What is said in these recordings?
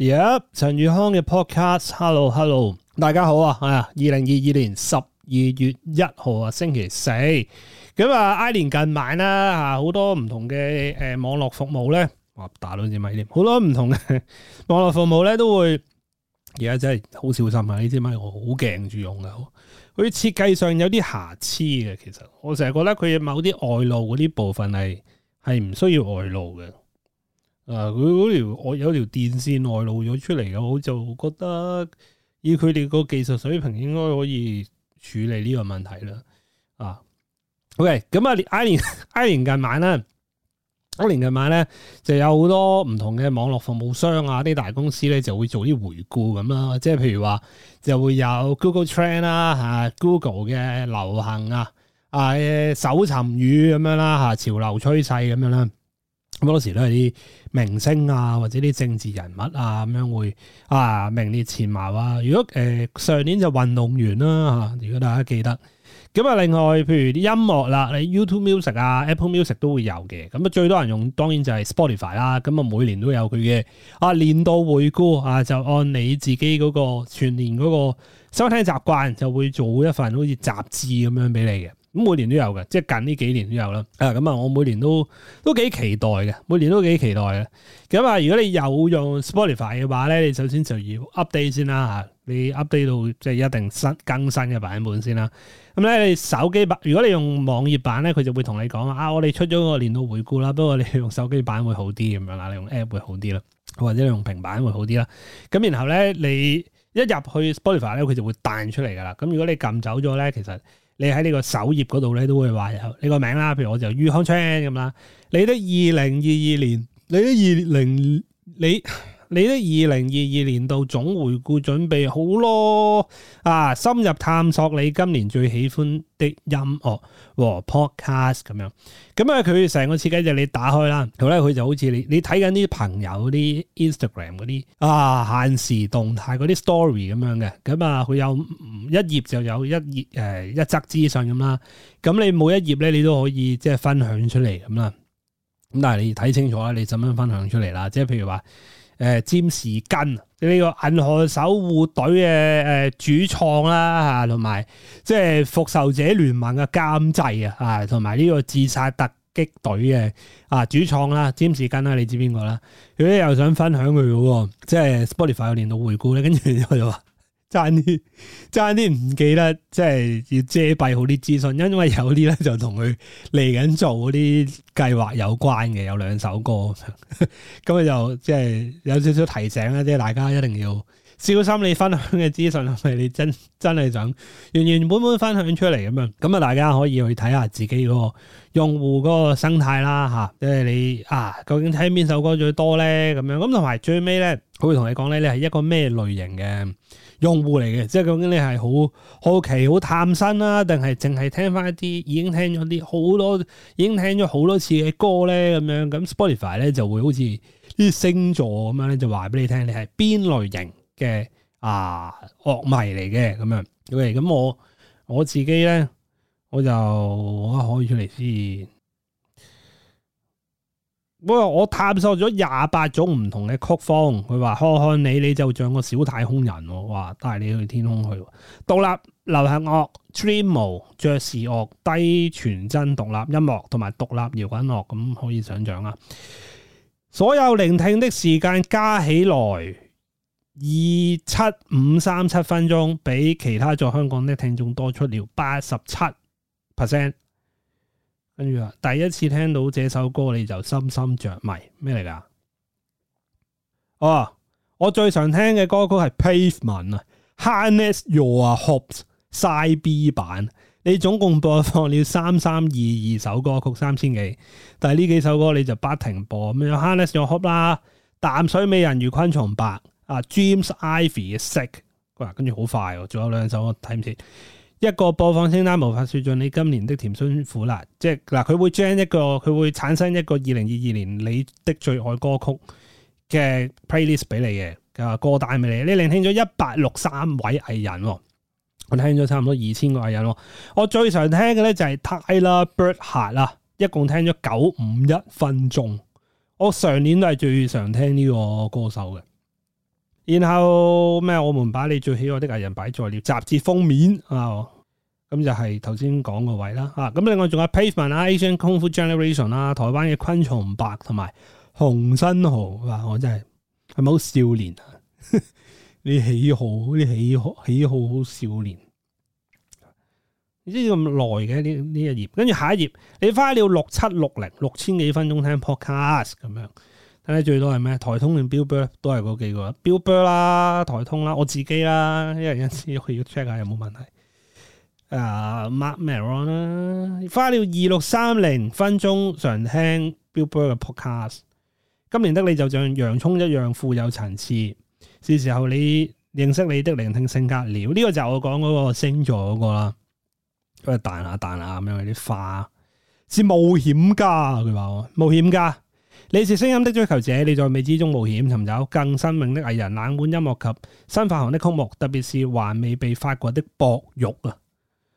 Yep，陳宇康嘅 podcast，hello hello，大家好啊，係啊，二零二二年十二月一號啊，星期四，咁、嗯、啊，挨年近晚啦，吓、啊、好多唔同嘅誒、呃、網絡服務咧，哇打到隻咪添，好多唔同嘅網絡服務咧都會，而家真係好小心啊，呢支咪我好驚住用噶，佢設計上有啲瑕疵嘅，其實我成日覺得佢某啲外露嗰啲部分係係唔需要外露嘅。啊！佢條我有條電線外露咗出嚟嘅，我就覺得以佢哋個技術水平，應該可以處理呢個問題啦。啊，OK，咁、嗯、啊，那個、年挨年挨年近晚啦，挨年近晚咧就有好多唔同嘅網絡服務商啊，啲大公司咧就會做啲回顧咁啦，即係譬如話就會有 Google Trend、啊啊、Google Trend 啦吓，Google 嘅流行啊啊嘅搜尋語咁樣啦吓，潮流趨勢咁樣啦。咁好多時都係啲明星啊，或者啲政治人物啊，咁樣會啊名列前茅啊。如果誒、呃、上年就運動員啦吓，如果大家記得。咁啊，另外譬如啲音樂啦，你 YouTube Music 啊、Apple Music 都會有嘅。咁啊，最多人用當然就係 Spotify 啦。咁啊，每年都有佢嘅。啊，年度回顧啊，就按你自己嗰個全年嗰個收聽習慣，就會做一份好似雜誌咁樣俾你嘅。每年都有嘅，即係近呢幾年都有啦。啊，咁啊，我每年都都幾期待嘅，每年都幾期待嘅。咁啊，如果你有用 Spotify 嘅話咧，你首先就要 update 先啦嚇，你 update 到即係一定新更新嘅版本先啦。咁咧，你手機版如果你用網頁版咧，佢就會同你講啊，我哋出咗個年度回顧啦。不過你用手機版會好啲咁樣啦，你用 App 會好啲啦，或者你用平板會好啲啦。咁然後咧，你一入去 Spotify 咧，佢就會彈出嚟噶啦。咁如果你撳走咗咧，其實～你喺呢個首頁嗰度咧都會話有你個名啦，譬如我就于康昌咁啦。你都二零二二年，你都二零你，你都二零二二年度總回顧準備好咯，啊！深入探索你今年最喜歡的音樂和 podcast 咁樣，咁啊佢成個設計就你打開啦，然後咧佢就好似你你睇緊啲朋友啲 Instagram 嗰啲啊限時動態嗰啲 story 咁樣嘅，咁啊佢有一頁就有一頁誒一則資訊咁啦，咁、嗯、你每一頁咧你都可以即係分享出嚟咁啦，咁但係你睇清楚啦，你怎樣分享出嚟啦？即係譬如話。誒詹士根，啊，呢個銀河守護隊嘅誒主創啦嚇，同埋即係復仇者聯盟嘅監製啊，啊同埋呢個自殺突擊隊嘅啊主創啦，詹士根，啦，你知邊個啦？如果你又想分享佢嘅喎，即係 Spotify 有年度回顧咧，跟住佢就話。爭啲，爭啲唔記得，即係要遮蔽好啲資訊，因為有啲咧就同佢嚟緊做嗰啲計劃有關嘅，有兩首歌咁，咁啊就即係有少少提醒啦，即係大家一定要小心你分享嘅資訊係咪你真真係想原原本本分享出嚟咁樣，咁啊大家可以去睇下自己嗰個用戶嗰個生態啦，吓，啊，即係你啊究竟睇邊首歌最多咧咁樣，咁同埋最尾咧，佢會同你講咧，你係一個咩類型嘅？用戶嚟嘅，即係究竟你係好好奇、好探身啦，定係淨係聽翻一啲已經聽咗啲好多、已經聽咗好多次嘅歌咧？咁樣咁 Spotify 咧就會好似啲星座咁樣咧，就話俾你聽，你係邊類型嘅啊樂迷嚟嘅咁樣。喂、okay，咁我我自己咧，我就我一開出嚟先。不過我我探索咗廿八種唔同嘅曲風，佢話看看你，你就像個小太空人，哦，哇！帶你去天空去，獨立流行樂、dreamo 爵士樂、低傳真獨立音樂同埋獨立搖滾樂，咁可以想象啦。所有聆聽的時間加起來二七五三七分鐘，比其他在香港的聽眾多出了八十七 percent。跟住啊，第一次聽到這首歌你就深深着迷，咩嚟㗎？哦、啊，我最常聽嘅歌曲係《Pavement》啊，《Harness Your Hopes》Side B 版。你總共播放了三三二二首歌曲，曲三千幾，但係呢幾首歌你就不停播，咩《Harness Your Hopes》啦，《淡水美人魚昆蟲白》啊，啊《James Ivy》嘅《Sick》。跟住好快，仲有兩首我睇唔切。一個播放清單無法説盡你今年的甜酸苦辣，即係嗱，佢會將一個佢會產生一個二零二二年你的最愛歌曲嘅 playlist 俾你嘅，啊歌單俾你。你聆聽咗一百六三位藝人、哦，我聽咗差唔多二千個藝人、哦。我最常聽嘅咧就係 Tyler Burkhart，一共聽咗九五一分鐘。我上年都係最常聽呢個歌手嘅。然後咩？我們把你最喜愛的藝人擺在了雜誌封面、哦、啊，咁就係頭先講個位啦。吓，咁另外仲有 Pavement、Asian Kung-Fu Generation 啦，台灣嘅昆蟲白同埋洪新豪啊，我真係係咪好少年啊！ 你喜好啲喜好喜好好少年，你知咁耐嘅呢呢一頁，跟住下一頁，你花了六七六零六千幾分鐘聽 podcast 咁樣。睇得最多係咩？台通定 Billboard 都係嗰幾個，Billboard 啦、啊，台通啦、啊，我自己啦、啊，一人一次去 check 下有冇問題。Uh, Mark Mar 啊，Mark Maron 啦，花了二六三零分鐘常聽 Billboard 嘅 podcast。今年的你就像洋蔥一樣富有層次，是時候你認識你的聆聽性格了。呢、這個就我講嗰個星座嗰個啦，因為彈下彈下咁樣啲化，是冒險家。佢話我冒險家。你是聲音的追求者，你在未知中冒險，尋找更新穎的藝人、冷門音樂及新發行的曲目，特別是還未被發掘的博玉啊！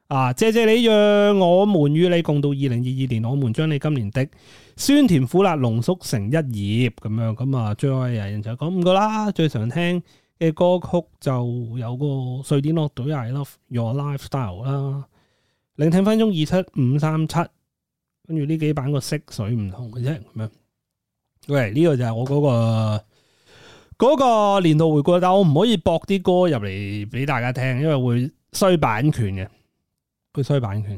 啊，謝謝你讓我們與你共度二零二二年，我們將你今年的酸甜苦辣濃縮成一頁咁樣。咁啊，最愛嘅人就講五個啦，最常聽嘅歌曲就有個瑞典樂隊 I Love Your Lifestyle 啦。聆聽分鐘二七五三七，跟住呢幾版個色水唔同嘅啫。喂，呢個就係我嗰個、嗰個年度回顧，但我唔可以駁啲歌入嚟俾大家聽，因為會衰版權嘅，佢衰版權。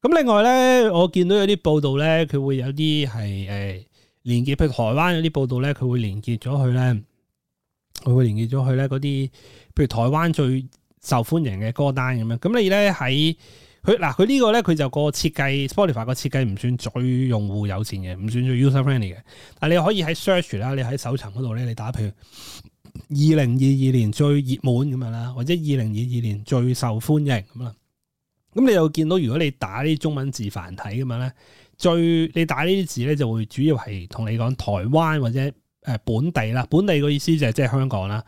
咁另外咧，我見到有啲報道咧，佢會有啲係誒連結，譬如台灣有啲報道咧，佢會連結咗去咧，佢會連結咗去咧嗰啲，譬如台灣最受歡迎嘅歌單咁樣。咁你咧喺。佢嗱佢呢個咧，佢就個設計 Spotify 個設計唔算最用戶友善嘅，唔算最 user friendly 嘅。但係你可以喺 search 啦，你喺搜尋嗰度咧，你打譬如二零二二年最熱門咁樣啦，或者二零二二年最受歡迎咁啦。咁你又見到如果你打呢啲中文字繁體咁樣咧，最你打呢啲字咧就會主要係同你講台灣或者誒本地啦，本地個意思就係即係香港啦。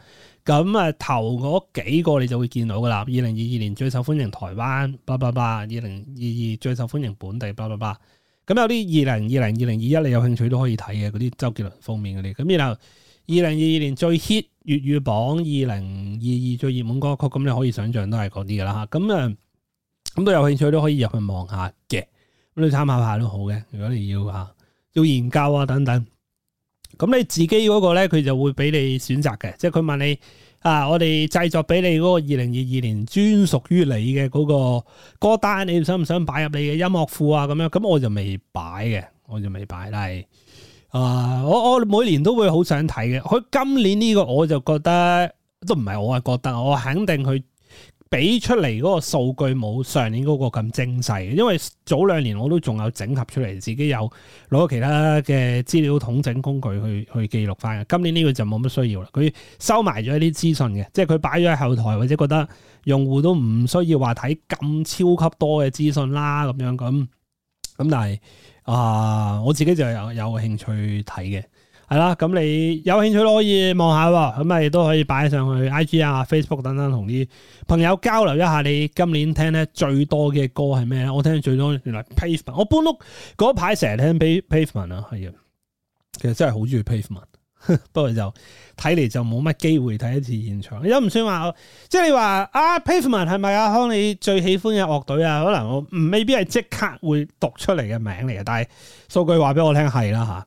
咁啊，頭嗰幾個你就會見到噶啦。二零二二年最受歡迎台灣八八八，二零二二最受歡迎本地八八八。咁有啲二零二零二零二一你有興趣都可以睇嘅，嗰啲周杰倫封面嗰啲。咁然後二零二二年最 hit 粵語榜，二零二二最熱門歌曲，咁你可以想象都係嗰啲噶啦。咁啊，咁都有興趣都可以入去望下嘅，咁你參考下都好嘅。如果你要啊，要研究啊等等。咁你自己嗰個咧，佢就會俾你選擇嘅，即係佢問你啊，我哋製作俾你嗰個二零二二年專屬於你嘅嗰個歌單，你想唔想擺入你嘅音樂庫啊？咁樣，咁我就未擺嘅，我就未擺，但係啊，我我每年都會好想睇嘅。佢今年呢個，我就覺得都唔係我係覺得，我肯定佢。俾出嚟嗰個數據冇上年嗰個咁精細，因為早兩年我都仲有整合出嚟，自己有攞其他嘅資料統整工具去去記錄返。今年呢個就冇乜需要啦。佢收埋咗一啲資訊嘅，即係佢擺咗喺後台，或者覺得用戶都唔需要話睇咁超級多嘅資訊啦，咁樣咁咁，但係啊，我自己就有有興趣睇嘅。係啦，咁你有興趣都可以望下喎，咁咪都可以擺上去 IG 啊、Facebook 等等，同啲朋友交流一下。你今年聽咧最多嘅歌係咩咧？我聽最多，原來 Pavement。我搬屋嗰排成日聽 Pavement 啊，係啊，其實真係好中意 Pavement，不過就睇嚟就冇乜機會睇一次現場。又唔算話，即係你話啊，Pavement 係咪啊康你最喜歡嘅樂隊啊？可能我未必係即刻會讀出嚟嘅名嚟嘅，但係數據話俾我聽係啦嚇。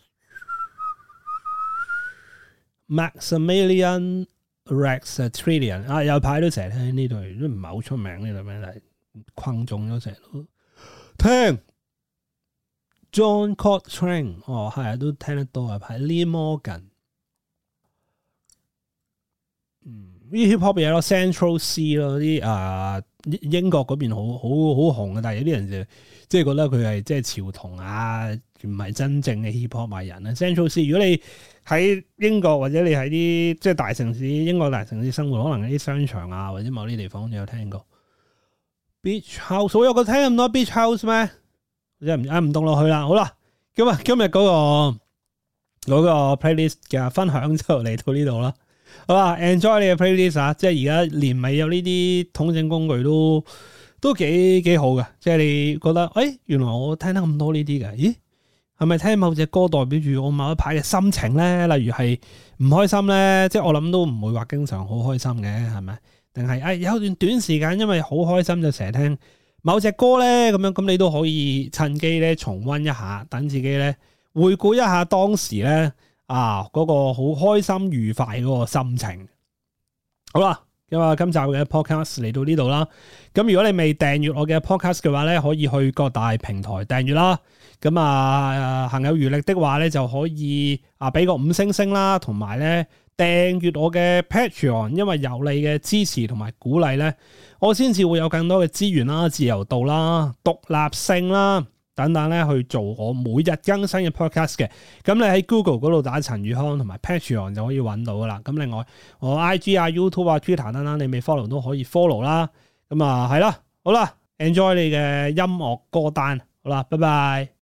Maximilian Rexatrian 啊，有排都成日聽呢隊都唔係好出名呢隊名嚟，困眾咗成日聽 John Coltrane 哦係都聽得多啊排。Lee Morgan，嗯啲 hip hop 有咯，Central Cee 咯啲啊英國嗰邊好好好紅啊，但係有啲人就即、是、係、就是、覺得佢係即係潮童啊。唔係真正嘅 hiphop 迷人咧。Central Cee，如果你喺英國或者你喺啲即係大城市，英國大城市生活，可能喺啲商場啊或者某啲地方都有聽過 beach house。所有個聽咁多 beach house 咩？即係唔啊唔動落去啦。好啦，今日今日嗰個嗰、嗰個 playlist 嘅分享就嚟到呢度啦。好啊，enjoy 你嘅 playlist 啊！即係而家年尾有呢啲統整工具都都幾幾好嘅。即係你覺得，哎，原來我聽得咁多呢啲嘅，咦？係咪聽某隻歌代表住我某一排嘅心情咧？例如係唔開心咧，即係我諗都唔會話經常好開心嘅，係咪？定係誒有段短時間因為好開心就成日聽某隻歌咧，咁樣，咁你都可以趁機咧重溫一下，等自己咧回顧一下當時咧啊嗰個好開心愉快嗰個心情。好啦。咁啊，因為今集嘅 podcast 嚟到呢度啦。咁如果你未訂閱我嘅 podcast 嘅話咧，可以去各大平台訂閱啦。咁啊，行有餘力嘅話咧，就可以啊俾個五星星啦，同埋咧訂閱我嘅 patreon。因為有你嘅支持同埋鼓勵咧，我先至會有更多嘅資源啦、自由度啦、獨立性啦。等等咧去做我每日更新嘅 podcast 嘅。咁你喺 Google 度打陳宇康同埋 Patreon 就可以搵到噶啦。咁另外我 IG 啊、YouTube 啊、Twitter 等等，你未 follow 都可以 follow 啦。咁啊，係啦，好啦，enjoy 你嘅音樂歌單，好啦，拜拜。